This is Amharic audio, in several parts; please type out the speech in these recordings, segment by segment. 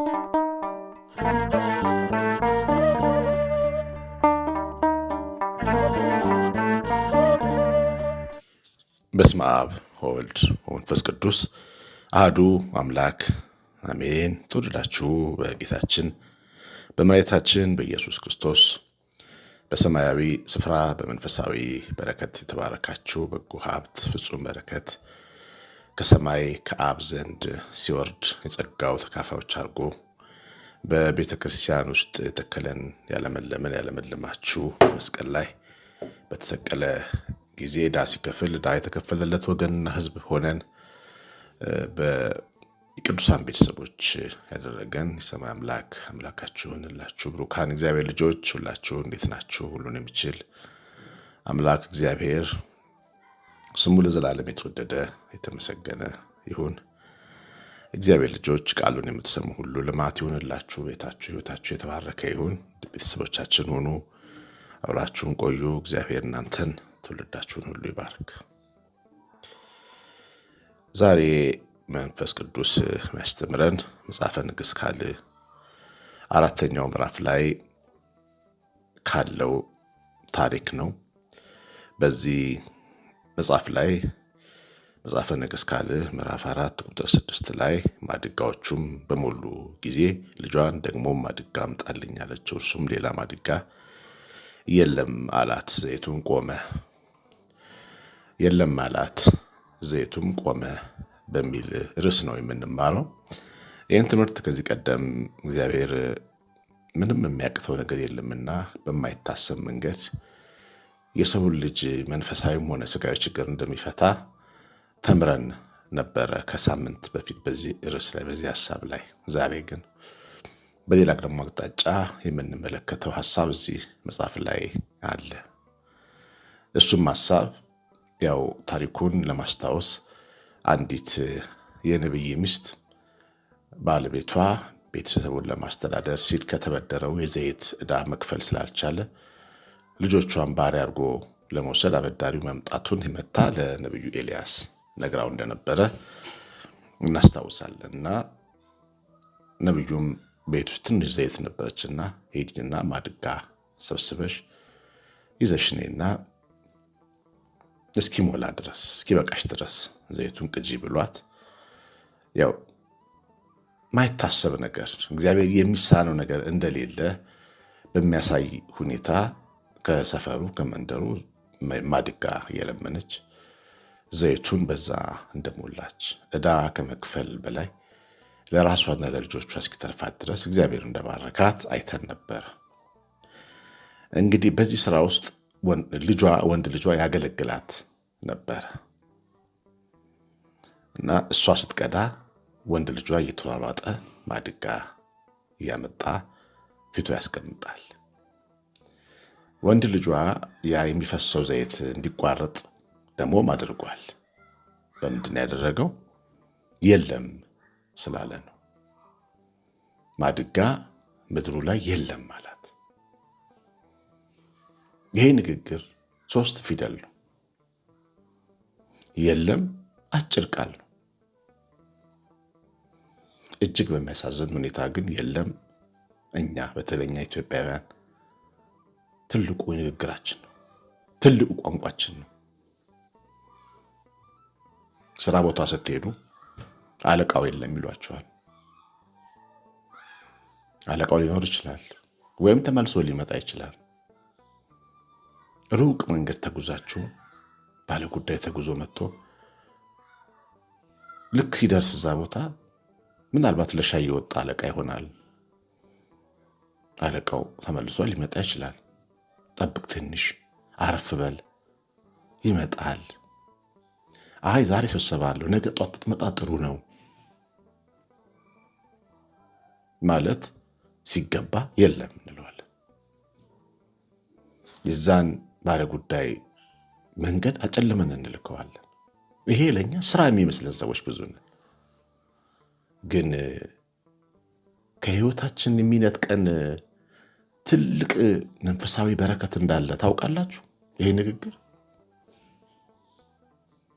በስመ አብ ወወልድ ወመንፈስ ቅዱስ አህዱ አምላክ አሜን። ተወደዳችሁ በጌታችን በመሬታችን በኢየሱስ ክርስቶስ በሰማያዊ ስፍራ በመንፈሳዊ በረከት የተባረካችሁ በጎ ሀብት ፍጹም በረከት ከሰማይ ከአብ ዘንድ ሲወርድ የጸጋው ተካፋዮች አድርጎ በቤተ ክርስቲያን ውስጥ የተከለን ያለመለመን ያለመልማችሁ መስቀል ላይ በተሰቀለ ጊዜ ዕዳ ሲከፍል ዕዳ የተከፈለለት ወገንና ሕዝብ ሆነን በቅዱሳን ቤተሰቦች ያደረገን የሰማይ አምላክ አምላካችሁን ሁላችሁ ብሩካን እግዚአብሔር ልጆች ሁላችሁ እንዴት ናችሁ? ሁሉን የሚችል አምላክ እግዚአብሔር ስሙ ለዘላለም የተወደደ የተመሰገነ ይሁን። እግዚአብሔር ልጆች ቃሉን የምትሰሙ ሁሉ ልማት ይሁንላችሁ፣ ቤታችሁ፣ ህይወታችሁ የተባረከ ይሁን። ቤተሰቦቻችን ሆኑ አብራችሁን ቆዩ። እግዚአብሔር እናንተን ትውልዳችሁን ሁሉ ይባርክ። ዛሬ መንፈስ ቅዱስ የሚያስተምረን መጽሐፈ ንግሥት ካልዕ አራተኛው ምዕራፍ ላይ ካለው ታሪክ ነው። በዚህ መጽሐፍ ላይ መጽሐፈ ነገሥት ካልዕ ምዕራፍ አራት ቁጥር ስድስት ላይ ማድጋዎቹም በሞሉ ጊዜ ልጇን ደግሞ ማድጋ አምጣልኝ አለችው። እርሱም ሌላ ማድጋ የለም አላት። ዘይቱም ቆመ የለም አላት ዘይቱም ቆመ በሚል ርዕስ ነው የምንማረው። ይህን ትምህርት ከዚህ ቀደም እግዚአብሔር ምንም የሚያቅተው ነገር የለምና በማይታሰብ መንገድ የሰውን ልጅ መንፈሳዊም ሆነ ስጋዊ ችግር እንደሚፈታ ተምረን ነበረ ከሳምንት በፊት በዚህ ርዕስ ላይ በዚህ ሀሳብ ላይ። ዛሬ ግን በሌላ ደግሞ አቅጣጫ የምንመለከተው ሀሳብ እዚህ መጽሐፍ ላይ አለ። እሱም ሀሳብ ያው ታሪኩን ለማስታወስ አንዲት የነቢይ ሚስት ባለቤቷ ቤተሰቡን ለማስተዳደር ሲል ከተበደረው የዘይት ዕዳ መክፈል ስላልቻለ ልጆቿን ባሪያ አድርጎ ለመውሰድ አበዳሪው መምጣቱን የመታ ለነብዩ ኤልያስ ነግራው እንደነበረ እናስታውሳለን። እና ነብዩም ቤት ውስጥ ትንሽ ዘይት ነበረችና ሄድና ማድጋ ሰብስበሽ ይዘሽኔና እስኪሞላ ድረስ እስኪበቃሽ ድረስ ዘይቱን ቅጂ ብሏት ያው ማይታሰብ ነገር እግዚአብሔር የሚሳነው ነገር እንደሌለ በሚያሳይ ሁኔታ ከሰፈሩ ከመንደሩ ማድጋ እየለመነች ዘይቱን በዛ እንደሞላች እዳ ከመክፈል በላይ ለራሷና ለልጆቿ እስኪተርፋት ድረስ እግዚአብሔር እንደባረካት አይተን ነበረ። እንግዲህ በዚህ ስራ ውስጥ ልጇ ወንድ ልጇ ያገለግላት ነበረ እና እሷ ስትቀዳ ወንድ ልጇ እየተሯሯጠ ማድጋ እያመጣ ፊቱ ያስቀምጣል። ወንድ ልጇ ያ የሚፈሰው ዘይት እንዲቋረጥ ደግሞም አድርጓል። በምንድን ያደረገው? የለም ስላለ ነው። ማድጋ ምድሩ ላይ የለም ማለት ይሄ ንግግር ሶስት ፊደል ነው። የለም አጭር ቃል ነው። እጅግ በሚያሳዝን ሁኔታ ግን የለም እኛ በተለኛ ኢትዮጵያውያን ትልቁ ንግግራችን ነው። ትልቁ ቋንቋችን ነው። ስራ ቦታ ስትሄዱ አለቃው የለም ይሏቸዋል። አለቃው ሊኖር ይችላል፣ ወይም ተመልሶ ሊመጣ ይችላል። ሩቅ መንገድ ተጉዛችሁ ባለጉዳይ ተጉዞ መጥቶ ልክ ሲደርስ እዛ ቦታ ምናልባት ለሻይ የወጣ አለቃ ይሆናል። አለቃው ተመልሶ ሊመጣ ይችላል። ጠብቅ፣ ትንሽ አረፍ በል፣ ይመጣል። አይ ዛሬ ሰብሰባለሁ፣ አለው፣ ነገ ጧት ብትመጣ ጥሩ ነው ማለት ሲገባ የለም እንለዋለን። የዛን ባለ ጉዳይ መንገድ አጨልመን እንልከዋለን። ይሄ ለእኛ ስራ የሚመስለን ሰዎች ብዙ ነን፣ ግን ከህይወታችን የሚነጥቀን ትልቅ መንፈሳዊ በረከት እንዳለ ታውቃላችሁ። ይህ ንግግር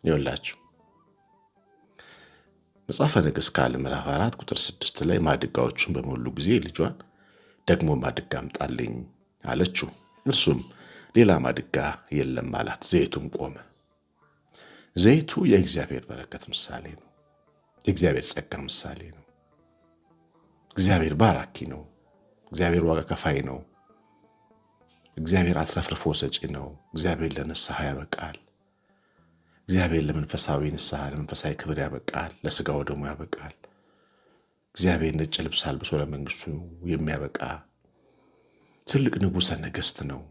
ይወላችሁ መጽሐፈ ነገሥት ካልዕ ምዕራፍ አራት ቁጥር ስድስት ላይ ማድጋዎቹን በሞሉ ጊዜ ልጇን ደግሞ ማድጋ አምጣልኝ አለችው። እርሱም ሌላ ማድጋ የለም አላት። ዘይቱም ቆመ። ዘይቱ የእግዚአብሔር በረከት ምሳሌ ነው። የእግዚአብሔር ጸጋ ምሳሌ ነው። እግዚአብሔር ባራኪ ነው። እግዚአብሔር ዋጋ ከፋይ ነው። እግዚአብሔር አትረፍርፎ ሰጪ ነው። እግዚአብሔር ለንስሐ ያበቃል። እግዚአብሔር ለመንፈሳዊ ንስሐ፣ ለመንፈሳዊ ክብር ያበቃል። ለስጋው ደግሞ ያበቃል። እግዚአብሔር ነጭ ልብስ አልብሶ ለመንግስቱ የሚያበቃ ትልቅ ንጉሠ ነገሥት ነው።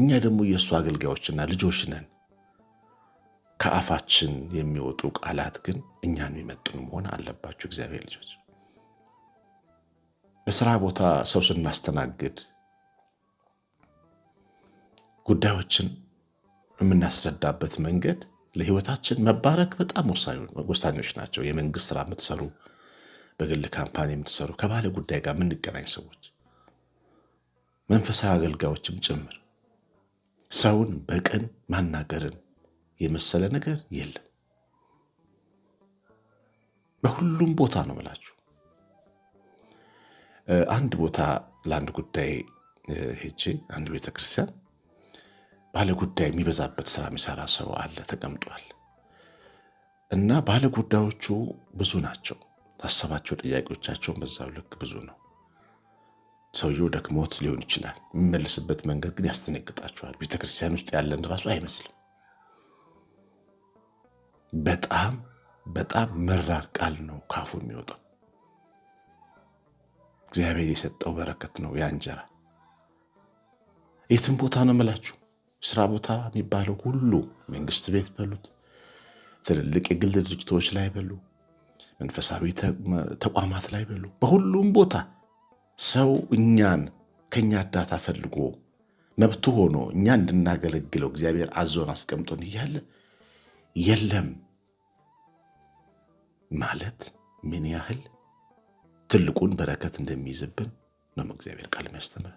እኛ ደግሞ የእሱ አገልጋዮችና ልጆች ነን። ከአፋችን የሚወጡ ቃላት ግን እኛን የሚመጥኑ መሆን አለባቸው። እግዚአብሔር ልጆች በስራ ቦታ ሰው ስናስተናግድ ጉዳዮችን የምናስረዳበት መንገድ ለህይወታችን መባረክ በጣም ወሳኞች ናቸው። የመንግስት ስራ የምትሰሩ፣ በግል ካምፓኒ የምትሰሩ፣ ከባለ ጉዳይ ጋር የምንገናኝ ሰዎች፣ መንፈሳዊ አገልጋዮችም ጭምር ሰውን በቅን ማናገርን የመሰለ ነገር የለም። በሁሉም ቦታ ነው ብላችሁ አንድ ቦታ ለአንድ ጉዳይ ሄጄ አንድ ቤተክርስቲያን ባለ ጉዳይ የሚበዛበት ስራ የሚሰራ ሰው አለ ተቀምጧል። እና ባለ ጉዳዮቹ ብዙ ናቸው። ታሰባቸው ጥያቄዎቻቸውን በዛው ልክ ብዙ ነው። ሰውየው ደክሞት ሊሆን ይችላል። የሚመልስበት መንገድ ግን ያስደነግጣቸዋል። ቤተክርስቲያን ውስጥ ያለን ራሱ አይመስልም። በጣም በጣም መራር ቃል ነው ካፉ የሚወጣው። እግዚአብሔር የሰጠው በረከት ነው ያ እንጀራ። የትም ቦታ ነው የምላችሁ፣ ስራ ቦታ የሚባለው ሁሉ መንግስት ቤት በሉት፣ ትልልቅ የግል ድርጅቶች ላይ በሉ፣ መንፈሳዊ ተቋማት ላይ በሉ፣ በሁሉም ቦታ ሰው እኛን ከኛ እርዳታ ፈልጎ መብቱ ሆኖ እኛ እንድናገለግለው እግዚአብሔር አዞን አስቀምጦን እያለ የለም ማለት ምን ያህል ትልቁን በረከት እንደሚይዝብን ነው እግዚአብሔር ቃል የሚያስተምር።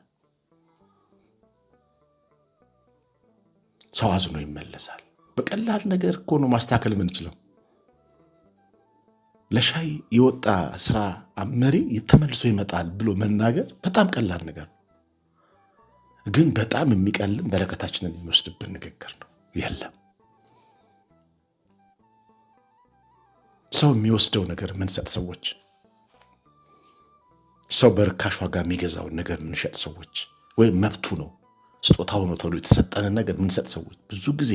ሰው አዝኖ ይመለሳል። በቀላል ነገር እኮ ነው ማስተካከል የምንችለው። ለሻይ የወጣ ስራ መሪ ተመልሶ ይመጣል ብሎ መናገር በጣም ቀላል ነገር ነው። ግን በጣም የሚቀልም በረከታችንን የሚወስድብን ንግግር ነው። የለም ሰው የሚወስደው ነገር ምንሰጥ ሰዎች ሰው በርካሽ ዋጋ የሚገዛውን ነገር የምንሸጥ ሰዎች ወይም መብቱ ነው ስጦታው ነው ተብሎ የተሰጠንን ነገር የምንሰጥ ሰዎች ብዙ ጊዜ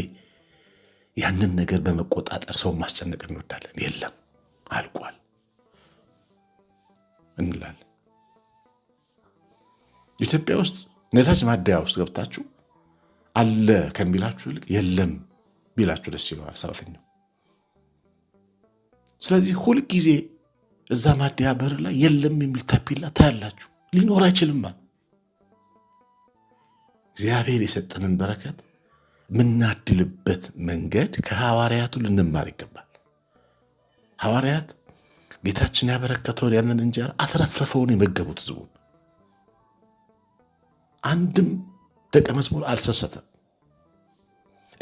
ያንን ነገር በመቆጣጠር ሰው ማስጨነቅ እንወዳለን። የለም አልቋል እንላለን። ኢትዮጵያ ውስጥ ነዳጅ ማደያ ውስጥ ገብታችሁ አለ ከሚላችሁ ይልቅ የለም ቢላችሁ ደስ ይለዋል ሰራተኛው። ስለዚህ ሁልጊዜ እዛ ማደያ በር ላይ የለም የሚል ታፔላ ታያላችሁ። ሊኖር አይችልማ። እግዚአብሔር የሰጠንን በረከት የምናድልበት መንገድ ከሐዋርያቱ ልንማር ይገባል። ሐዋርያት ጌታችን ያበረከተውን ያንን እንጀራ አትረፍረፈውን የመገቡት ሕዝቡን አንድም ደቀ መዝሙር አልሰሰተም።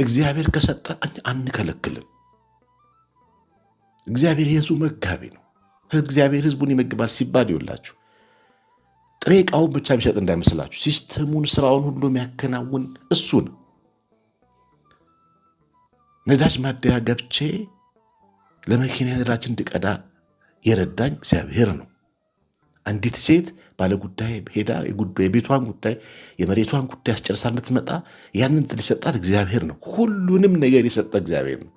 እግዚአብሔር ከሰጠ አንከለክልም። እግዚአብሔር የሕዝቡ መጋቢ ነው። እግዚአብሔር ህዝቡን ይመግባል ሲባል ይውላችሁ ጥሬ እቃውን ብቻ የሚሸጥ እንዳይመስላችሁ፣ ሲስተሙን ስራውን ሁሉ የሚያከናውን እሱ ነው። ነዳጅ ማደያ ገብቼ ለመኪና ነዳጅ እንድቀዳ የረዳኝ እግዚአብሔር ነው። አንዲት ሴት ባለጉዳይ ሄዳ የቤቷን ጉዳይ የመሬቷን ጉዳይ አስጨርሳ ልትመጣ ያንን ትልሰጣት እግዚአብሔር ነው። ሁሉንም ነገር የሰጠ እግዚአብሔር ነው።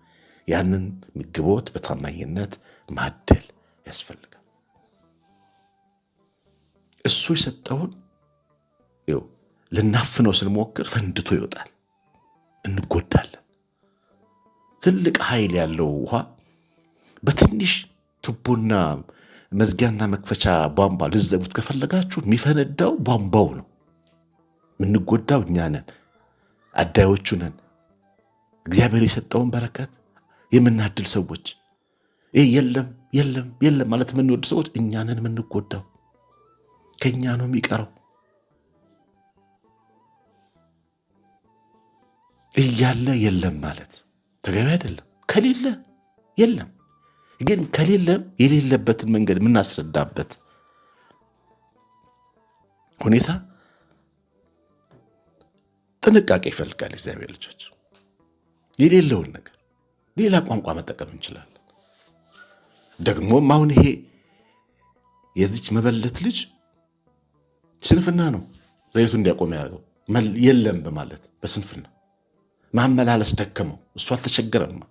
ያንን ምግቦት በታማኝነት ማደል ያስፈልጋል። እሱ የሰጠውን ይኸው ልናፍነው ስንሞክር ፈንድቶ ይወጣል፣ እንጎዳለን። ትልቅ ኃይል ያለው ውሃ በትንሽ ቱቦና መዝጊያና መክፈቻ ቧንቧ ልዘጉት ከፈለጋችሁ የሚፈነዳው ቧንቧው ነው። የምንጎዳው እኛ ነን፣ አዳዮቹ ነን። እግዚአብሔር የሰጠውን በረከት የምናድል ሰዎች ይህ የለም የለም የለም ማለት የምንወድ ሰዎች እኛንን የምንጎዳው ከእኛ ነው የሚቀረው። እያለ የለም ማለት ተገቢ አይደለም። ከሌለ የለም ግን ከሌለም የሌለበትን መንገድ የምናስረዳበት ሁኔታ ጥንቃቄ ይፈልጋል። እግዚአብሔር ልጆች የሌለውን ነገር ሌላ ቋንቋ መጠቀም እንችላለን። ደግሞም አሁን ይሄ የዚች መበለት ልጅ ስንፍና ነው ዘይቱ እንዲያቆም ያደርገው የለም በማለት በስንፍና ማመላለስ ደከመው። እሱ አልተቸገረማ።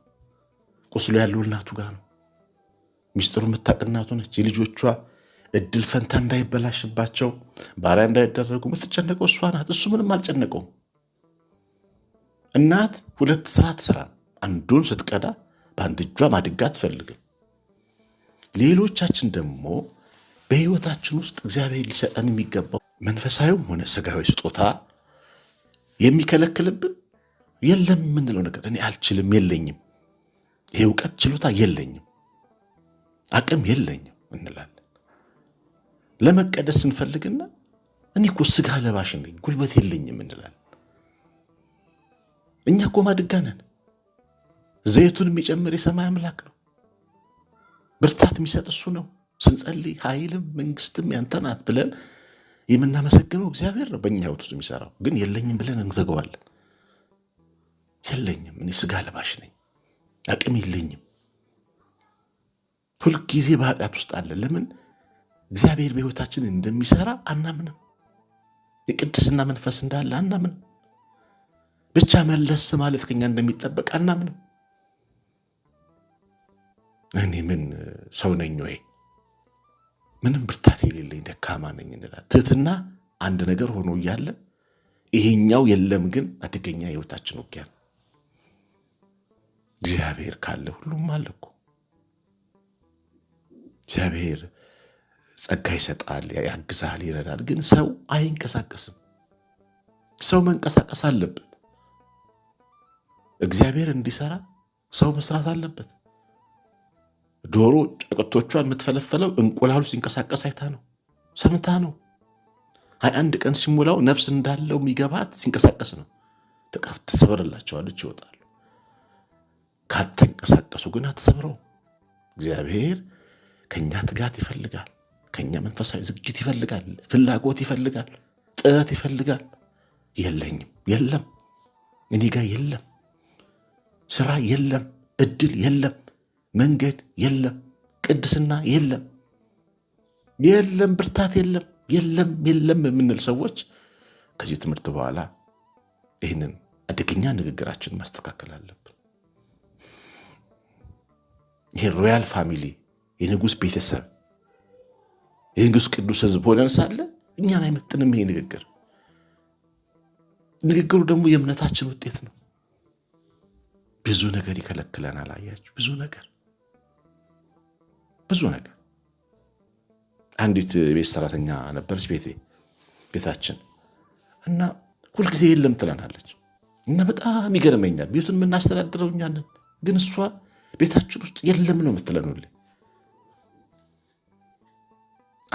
ቁስሎ ያለው እናቱ ጋር ነው። ሚስጥሩ የምታውቅ እናቱ ነች። የልጆቿ እድል ፈንታ እንዳይበላሽባቸው ባሪያ እንዳይደረጉ የምትጨነቀው እሷ ናት። እሱ ምንም አልጨነቀውም። እናት ሁለት ስራ ትሰራ፣ አንዱን ስትቀዳ በአንድ እጇ ማድጋ አትፈልግም። ሌሎቻችን ደግሞ በህይወታችን ውስጥ እግዚአብሔር ሊሰጠን የሚገባው መንፈሳዊም ሆነ ስጋዊ ስጦታ የሚከለክልብን የለም የምንለው ነገር እኔ አልችልም፣ የለኝም፣ ይሄ እውቀት ችሎታ የለኝም፣ አቅም የለኝም እንላለን። ለመቀደስ ስንፈልግና እኔ እኮ ስጋ ለባሽ ነኝ፣ ጉልበት የለኝም እንላለን። እኛ እኮ ማድጋ ነን። ዘይቱን የሚጨምር የሰማይ አምላክ ነው። ብርታት የሚሰጥ እሱ ነው። ስንጸልይ ኃይልም መንግስትም ያንተ ናት ብለን የምናመሰግነው እግዚአብሔር ነው። በእኛ ህይወት ውስጥ የሚሰራው ግን የለኝም ብለን እንዘገዋለን። የለኝም፣ እኔ ስጋ ለባሽ ነኝ፣ አቅም የለኝም። ሁልጊዜ በኃጢአት ውስጥ አለን። ለምን እግዚአብሔር በህይወታችን እንደሚሰራ አናምንም። የቅድስና መንፈስ እንዳለ አናምንም። ብቻ መለስ ማለት ከኛ እንደሚጠበቅ አናምንም። እኔ ምን ሰው ነኝ ወይ ምንም ብርታት የሌለኝ ደካማ ነኝ እንላል። ትህትና አንድ ነገር ሆኖ እያለ ይሄኛው የለም ግን አደገኛ የህይወታችን ውጊያ ነው። እግዚአብሔር ካለ ሁሉም አለ እኮ። እግዚአብሔር ጸጋ ይሰጣል፣ ያግዛል፣ ይረዳል። ግን ሰው አይንቀሳቀስም። ሰው መንቀሳቀስ አለበት። እግዚአብሔር እንዲሰራ ሰው መስራት አለበት። ዶሮ ጨቅቶቿ የምትፈለፈለው እንቁላሉ ሲንቀሳቀስ አይታ ነው፣ ሰምታ ነው። ሀያ አንድ ቀን ሲሞላው ነፍስ እንዳለው የሚገባት ሲንቀሳቀስ ነው። ጥቃፍ ትሰብርላቸዋለች ይወጣሉ። ካተንቀሳቀሱ ግን አትሰብረው። እግዚአብሔር ከኛ ትጋት ይፈልጋል፣ ከኛ መንፈሳዊ ዝግጅት ይፈልጋል፣ ፍላጎት ይፈልጋል፣ ጥረት ይፈልጋል። የለኝም፣ የለም፣ እኔ የለም፣ ስራ የለም፣ እድል የለም መንገድ የለም፣ ቅድስና የለም፣ የለም፣ ብርታት የለም፣ የለም፣ የለም የምንል ሰዎች ከዚህ ትምህርት በኋላ ይህንን አደገኛ ንግግራችን ማስተካከል አለብን። ይህ ሮያል ፋሚሊ የንጉስ ቤተሰብ የንጉስ ቅዱስ ህዝብ ሆነን ሳለ እኛን አይመጥንም ይሄ ንግግር። ንግግሩ ደግሞ የእምነታችን ውጤት ነው። ብዙ ነገር ይከለክለናል። አያችሁ፣ ብዙ ነገር ብዙ ነገር። አንዲት ቤት ሰራተኛ ነበረች ቤቴ ቤታችን እና ሁልጊዜ የለም ትለናለች እና በጣም ይገርመኛል። ቤቱን የምናስተዳድረው እኛ ነን፣ ግን እሷ ቤታችን ውስጥ የለም ነው የምትለን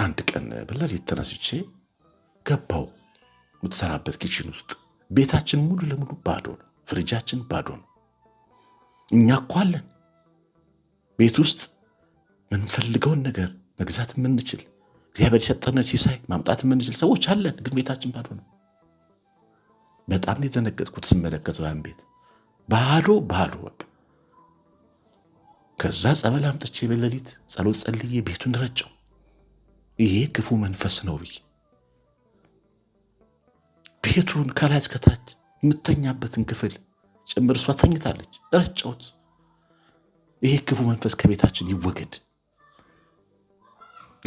አንድ ቀን በሌሊት ተነስቼ ገባው የምትሰራበት ኪችን ውስጥ። ቤታችን ሙሉ ለሙሉ ባዶ ነው፣ ፍሪጃችን ባዶ ነው። እኛ እኮ አለን ቤት ውስጥ ምንፈልገውን ነገር መግዛት የምንችል እግዚአብሔር የሰጠንን ሲሳይ ማምጣት የምንችል ሰዎች አለን። ግን ቤታችን ባዶ ነው። በጣም የደነገጥኩት ስመለከተው ያን ቤት ባዶ ባዶ ወቅ ከዛ ጸበል አምጥቼ በሌሊት ጸሎት ጸልዬ ቤቱን ረጨው። ይሄ ክፉ መንፈስ ነው ብዬ ቤቱን ከላይ እስከታች የምተኛበትን ክፍል ጭምር እሷ ተኝታለች፣ ረጨሁት። ይሄ ክፉ መንፈስ ከቤታችን ይወገድ።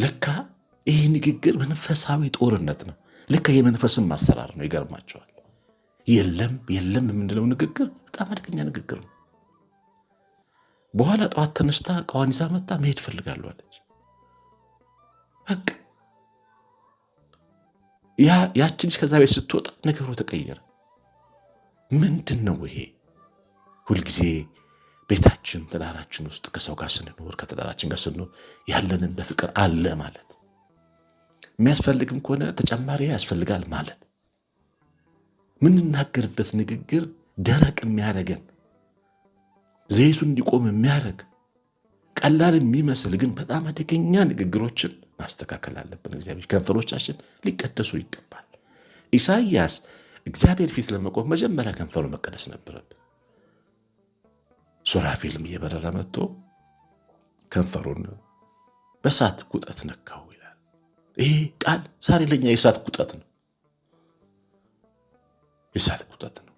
ለካ ይህ ንግግር መንፈሳዊ ጦርነት ነው። ልካ የመንፈስን ማሰራር ነው። ይገርማቸዋል። የለም የለም የምንለው ንግግር በጣም አደገኛ ንግግር ነው። በኋላ ጠዋት ተነስታ እቃዋን ይዛ መጣ መሄድ ፈልጋለሁ አለች። በቃ ያቺ ልጅ ከዛ ቤት ስትወጣ ነገሩ ተቀየረ። ምንድን ነው ይሄ ሁልጊዜ ቤታችን፣ ትዳራችን ውስጥ ከሰው ጋር ስንኖር፣ ከትዳራችን ጋር ስንኖር ያለንን በፍቅር አለ ማለት የሚያስፈልግም ከሆነ ተጨማሪ ያስፈልጋል ማለት የምንናገርበት ንግግር ደረቅ የሚያደርገን ዘይቱ እንዲቆም የሚያደርግ ቀላል የሚመስል ግን በጣም አደገኛ ንግግሮችን ማስተካከል አለብን። እግዚአብሔር ከንፈሮቻችን ሊቀደሱ ይገባል። ኢሳይያስ እግዚአብሔር ፊት ለመቆም መጀመሪያ ከንፈሩ መቀደስ ነበረብን። ሱራፌልም እየበረረ መጥቶ ከንፈሩን በእሳት ቁጠት ነካው ይላል። ይሄ ቃል ዛሬ ለኛ የእሳት ቁጠት ነው፣ የእሳት ቁጠት ነው።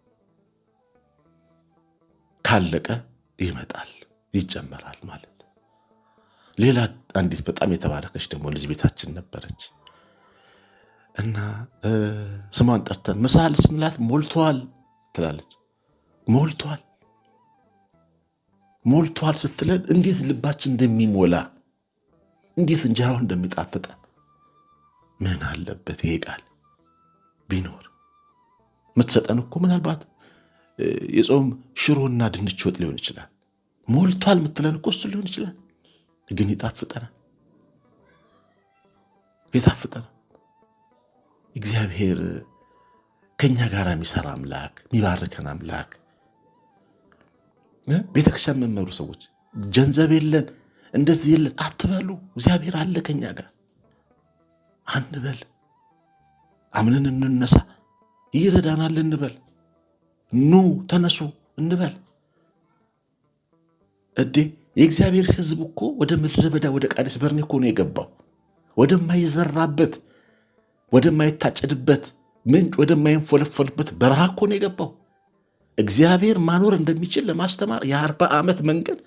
ካለቀ ይመጣል ይጨመራል ማለት። ሌላ አንዲት በጣም የተባረከች ደግሞ ልጅ ቤታችን ነበረች እና ስሟን ጠርተን ምሳል ስንላት ሞልተዋል ትላለች። ሞልቷል ሞልቷል ስትለን እንዴት ልባችን እንደሚሞላ እንዴት እንጀራው እንደሚጣፍጠን ምን አለበት ይሄ ቃል ቢኖር የምትሰጠን እኮ ምናልባት የጾም ሽሮና ድንች ወጥ ሊሆን ይችላል። ሞልቷል የምትለን እኮ እሱ ሊሆን ይችላል። ግን ይጣፍጠናል፣ ይጣፍጠናል። እግዚአብሔር ከእኛ ጋር የሚሰራ አምላክ፣ የሚባርከን አምላክ ቤተክርስቲያን መመሩ ሰዎች ገንዘብ የለን እንደዚህ የለን አትበሉ። እግዚአብሔር አለ ከኛ ጋር አንበል። አምነን እንነሳ፣ ይረዳናል እንበል። ኑ ተነሱ እንበል። እዴ የእግዚአብሔር ሕዝብ እኮ ወደ ምድረ በዳ ወደ ቃዴስ በርኔ እኮ ነው የገባው። ወደማይዘራበት፣ ወደማይታጨድበት ምንጭ፣ ወደማይንፎለፎልበት በረሃ እኮ ነው የገባው። እግዚአብሔር ማኖር እንደሚችል ለማስተማር የአርባ ዓመት መንገድ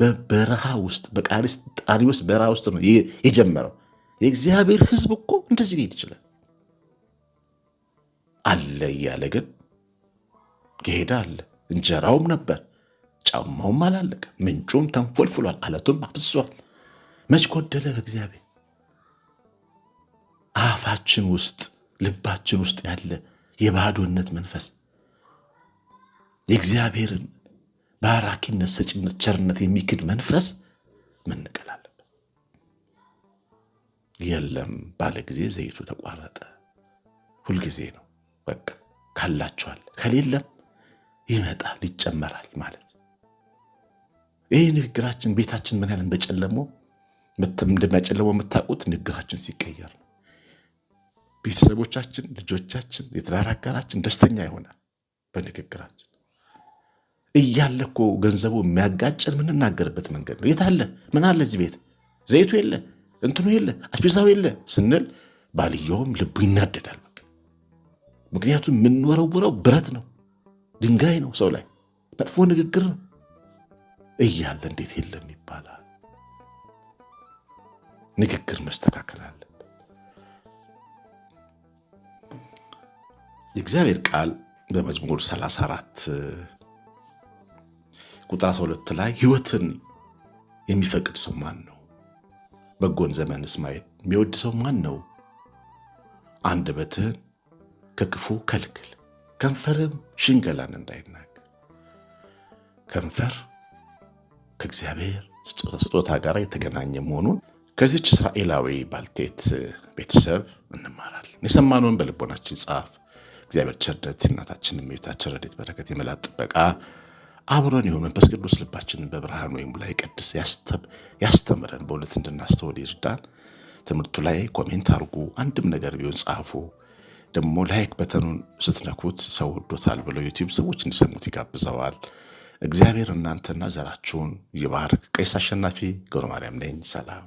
በበረሃ ውስጥ በቃርጣኔዎስ በረሃ ውስጥ ነው የጀመረው። የእግዚአብሔር ሕዝብ እኮ እንደዚህ ሊሄድ ይችላል አለ እያለ ግን ጌሄዳ አለ እንጀራውም ነበር፣ ጫማውም አላለቀ፣ ምንጩም ተንፎልፍሏል፣ አለቱም አፍሷል መች ጎደለ እግዚአብሔር? አፋችን ውስጥ ልባችን ውስጥ ያለ የባዶነት መንፈስ የእግዚአብሔርን በአራኪነት፣ ሰጭነት፣ ቸርነት የሚክድ መንፈስ መነቀል አለበት። የለም ባለ ጊዜ ዘይቱ ተቋረጠ። ሁልጊዜ ነው በቃ ካላችኋል፣ ከሌለም ይመጣል ይጨመራል ማለት ይህ ንግግራችን ቤታችን ምን ያለን በጨለሞ እንደሚያጨለመው የምታውቁት ንግግራችን ሲቀየር ነው። ቤተሰቦቻችን፣ ልጆቻችን፣ የትዳር አጋራችን ደስተኛ ይሆናል በንግግራችን። እያለ እኮ ገንዘቡ የሚያጋጭን የምንናገርበት መንገድ ነው። የት አለ ምን አለ እዚህ ቤት ዘይቱ የለ እንትኑ የለ አስቤዛው የለ ስንል ባልየውም ልቡ ይናደዳል። ምክንያቱም የምንወረውረው ብረት ነው፣ ድንጋይ ነው፣ ሰው ላይ መጥፎ ንግግር ነው እያለ እንዴት የለም ይባላል። ንግግር መስተካከል አለበት። የእግዚአብሔር ቃል በመዝሙር 34 ቁጥር 12 ላይ ህይወትን የሚፈቅድ ሰው ማን ነው? በጎን ዘመንስ ማየት የሚወድ ሰው ማን ነው? አንደበትህን ከክፉ ከልክል፣ ከንፈርም ሽንገላን እንዳይናገር። ከንፈር ከእግዚአብሔር ስጦታ ጋር የተገናኘ መሆኑን ከዚች እስራኤላዊ ባልቴት ቤተሰብ እንማራለን። የሰማነውን በልቦናችን ጻፍ። እግዚአብሔር ቸርነት እናታችን የቤታችን ረድኤት በረከት የመላት ጥበቃ አብሮን ይሁን። መንፈስ ቅዱስ ልባችንን በብርሃን ወይም ላይ ቀድስ ያስተምረን፣ በእውነት እንድናስተውል ይርዳን። ትምህርቱ ላይ ኮሜንት አድርጉ፣ አንድም ነገር ቢሆን ጻፉ። ደግሞ ላይክ በተኑን ስትነኩት ሰው ወዶታል ብለው ዩቲዩብ ሰዎች እንዲሰሙት ይጋብዘዋል። እግዚአብሔር እናንተና ዘራችሁን ይባርክ። ቀሲስ አሸናፊ ገብረ ማርያም ነኝ። ሰላም